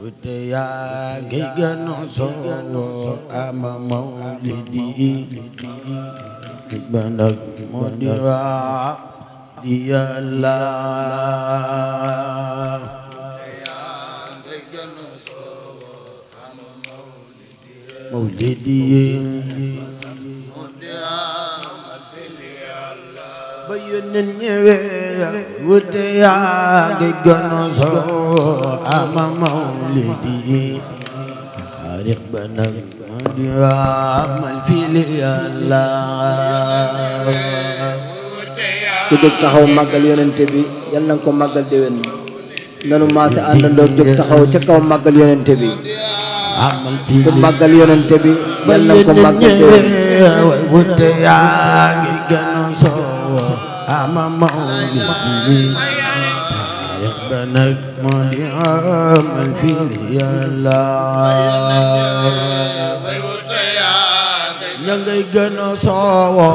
wute yaa ngi gën soo ama mawlidi banak mu di ba yónneen ñëwee wute yaa ngi gënu soo ba nag di amal fili yàlla ku jóg taxaw màggal yonente bi yal na ko màggal déwén nanu maase àndandoo jóg taxaw ca kaw màggal ama mawlidi يقبلك مدعم الفيل يا الله نغي غنا سوا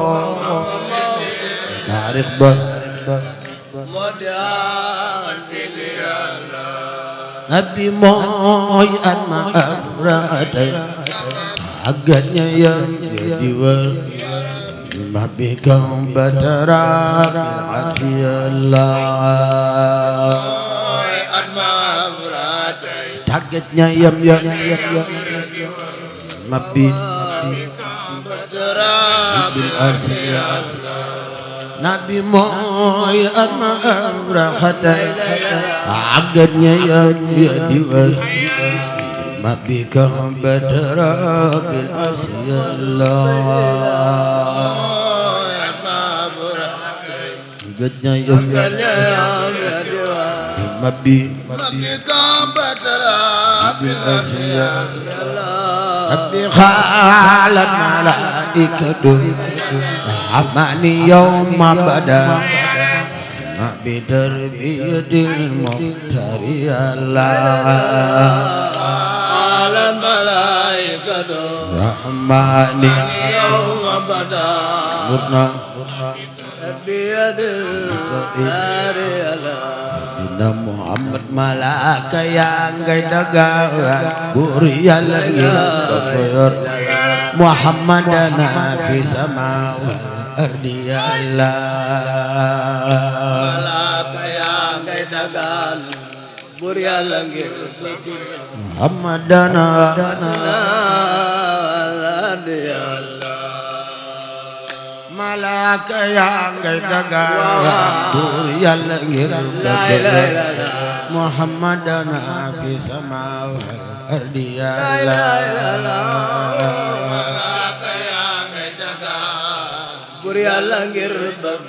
تاريخ با مدعم الفيل يا الله نبي موي ان ما ابرد حقنا يا ديور ما بكم بترى بالعافية الله tàggat ña yam ya ma bi bil arsiya nabi mooy ama amraxata àggat ña yam ya di wër ma bi kam batara bil arsiya Allah gajjan yom mabbi mabbi kambatara bil asiya mabbi xaalat malaikatu amani yawma bada mabbi tarbiyatil muhtari Allah الملائكة رحماني يوم بدا مرنا بيد النار يلا محمد ملاك يا ngay dagaan buur yàlla ngi ko yor محمدنا في سماء الأرض يلا ملاك يا ngay dagaan buur yàlla ngi ko yor محمدنا malaaka yaa ngay dagaan buur yàlla ngir dëgg muhammadan fi samawal ardi yàlla malaaka yaa ngay dagaan buur yàlla ngir dëgg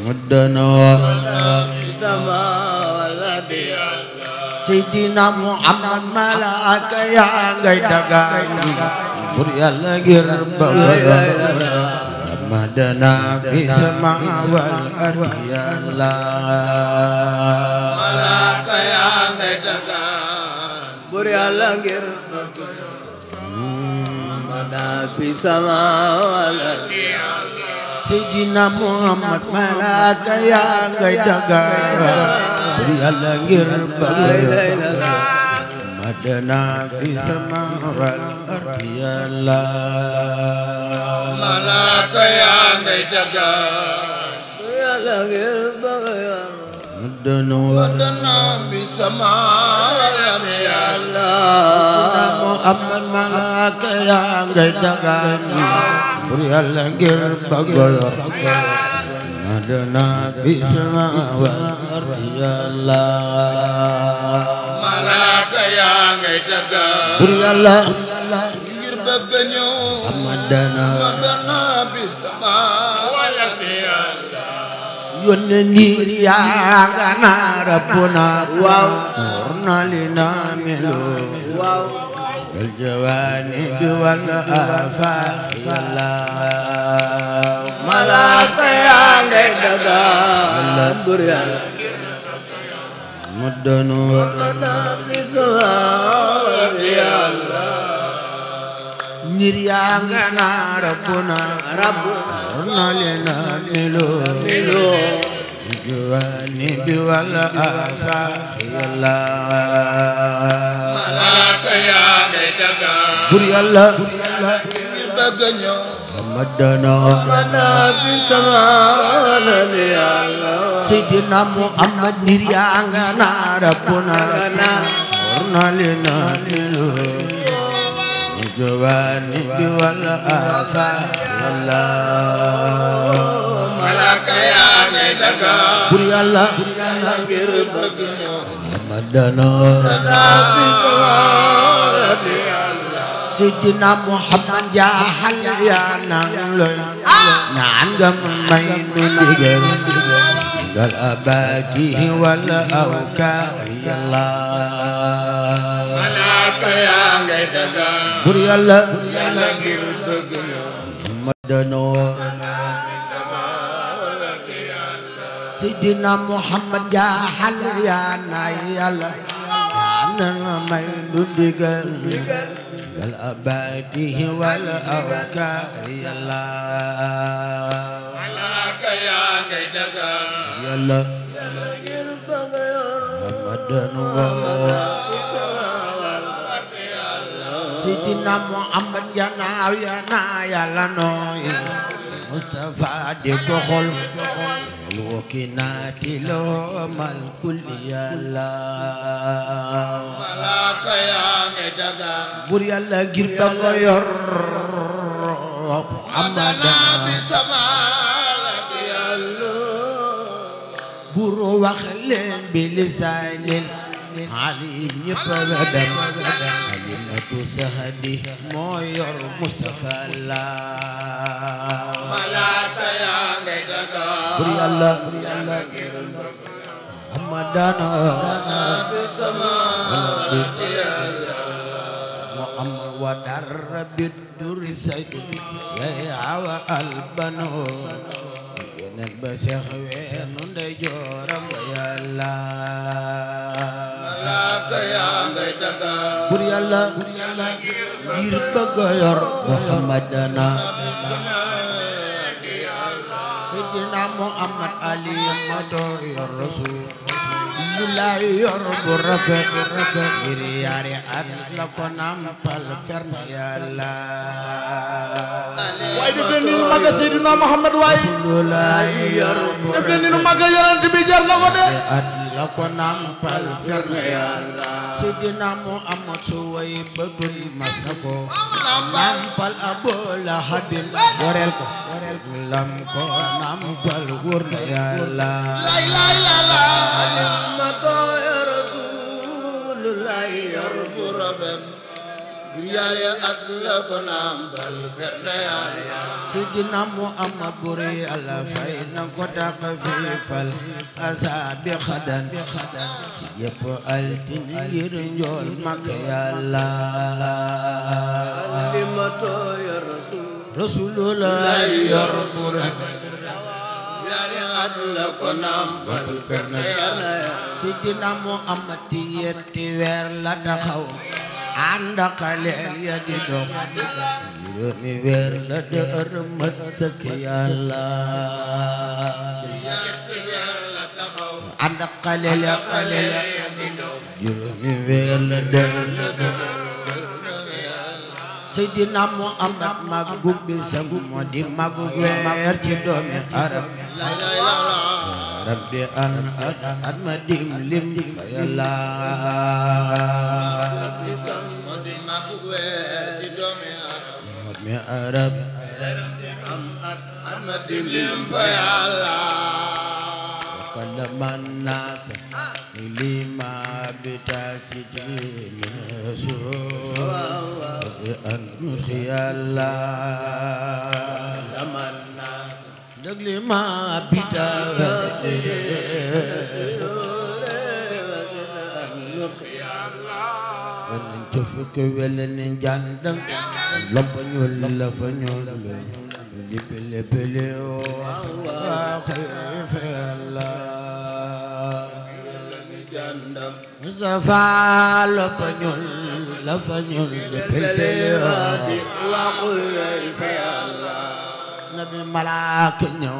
muhammadan fi samawal ardi yàlla seydina muhammad malaaka yaa ngay dagaan buur yàlla ngir dëgg مدنا في السماء والأرض يا الله ملاك يا مدنا بريا لغير مدنا في السماء والأرض سيدنا محمد ملاك يا غيدغا بريا لغير بغير مدنا في السماء والأرض يا الله malaaka yaa ngay tagga yàlla ngir bëgg yàlla waddana waddana bi sama yam yàlla muhammad malaaka bi sama yàlla malaaka yaa ngay yónnani yaa gana rabbuna waaw urna lina melo waaw الجوانب والآفاق الله ملاك يا ليلة الأمر يا مدن وتنافس يا الله نريا ربنا ربنا نولنا ملو ملو بجوانب والآفاق يلا ملاك يا ليتك بر يلا مدنا مدنا بسمان يا الله سيدنا محمد نريا عنا ربنا ورنا لنا لله الجوانب والآثار الله ملك يا ملك بر يلا بر بك محمدنا سيدنا محمد يا حل يا نعلو نعم مين لجل والأباكيه والأوكاه يلا ملاك يا غيدك bur yàlla ngir bëgg na ma danoo sidina muhammad jaaxal yaa nay yàlla nana may du ndigal al abadihi wal awkaari yàlla malaaka yaa ngay dagal yàlla ngir bëgg yor ma danoo sidina Muhammad janaaw ya na yàlla nooy Mustafa di ko xool wokki naati mal kulli yàlla malaaka yaa ngi daga bur yàlla ngir ba ko ali ñëpp la dem alimatu sahadi moo yor Mustafa la malaaka yaa ngay daga bur yàlla ramadana bi sama am wa darra bi duri saytu yaa awa albano yeneen ba seex weenu ndey jooram yàlla bur yàlla ngir bëgg yor Muhammadana Seydina Muhammad Ali ma doo lu lay yor bu rafet bu rafet ngir yaari at la ko nampal waaye def ni nu màgg Seydina Muhammad waaye bi jar na ko de la ko nampal firnde yàlla sidina Muhammad Suwayb dun mas na ko nampal Abu Lahab warel ko warel ko lam ko nampal wóor na yàlla la ilaha illallah Muhammadu rasulullah yar bu rafet ngir yàlla ak la ko nampal firnde yàlla sidina Muhammad bur Yàlla fay na ko dàq fii fal asa bi xadan ci yëpp altine ngir njool mag Yàlla limato ya rasul rasulullah yor bu rafet ñaari at la ko nàmpal fer na Yàlla sidina Muhammad yetti weer la taxaw ànd ak leel ya di dox juróomi weer la dër mat sëkk yàlla ànd ak leel ya leel ya di dox juróomi weer la dër Seydina Muhammad magu bisam moo di magu weer ci doomi arab rabbi an ad ad ma dim lim fa yàlla رب محمد وكلم الناس لما بتاسدين سوء أن خيالا كلم الناس لما بتاسدين suuf ko wele ni jàndam lompa ñuul la fa ñuul di pele pele Allah xalifa Allah Mustafa lompa ñuul la fa ñuul di pele pele Allah xalifa Allah nabi malaaka ñëw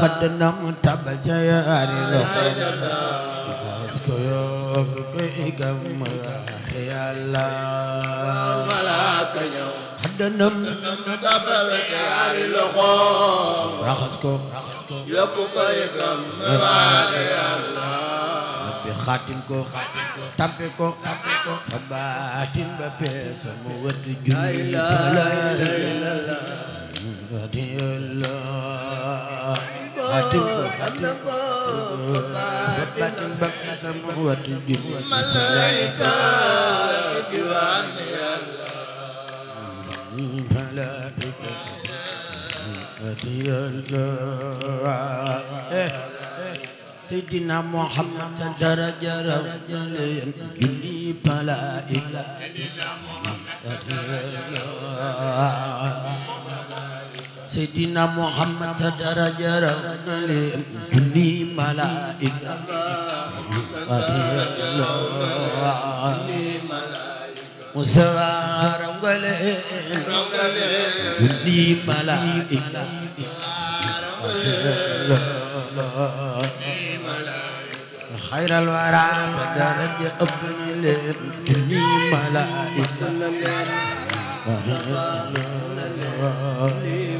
xadd na mu tabal ca yaari loxo أذكرك كم يا الله ملاك يوم حدنم تبرك على الخوف رخصكم يكوك كم يا الله بخاتم كو تامبي كو فباتن ببيس موت لا إله إلا الله ودي الله باتن باتن باتن وتجد ملائكة ديوان يا الله ملائكة يا الله سيدنا محمد درجة رجل جلي ملائكة سيدنا محمد درجة seydina muhammad sa daraja raw na leen junni malaayika musawa raw nga leen junni malaayika xayral wara sa daraja ëpp na leen junni malaayika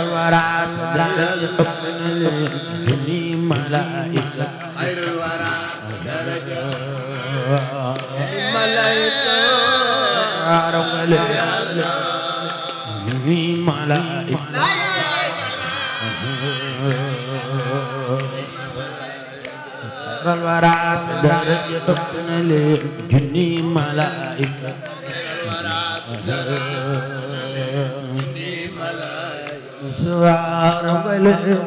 الورى صدر الحكم لدني ملائكة خير الورى درجة ملائكة رب لدني ملائكة الورى صدر الحكم لدني ملائكة خير الورى صدر سوار بلن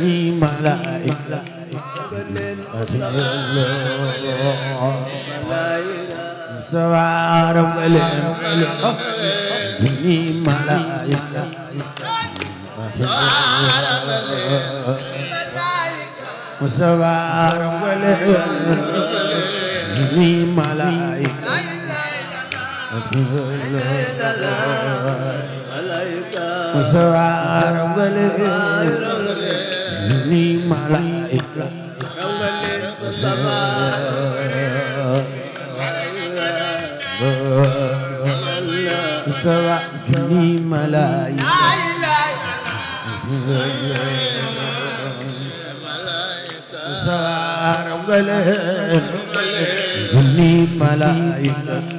ني ملائكة سوار بلن ني ملائكة سوار بلن سوار بلن ني ملائكة سوار غلي ملائكة سوار غلي ملائكة سوار غلي ملائكة